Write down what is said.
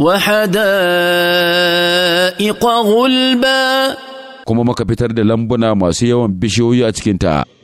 وحدائق غلبا kuma muka fitar da lambuna masu yawan bishiyoyi a cikin ta.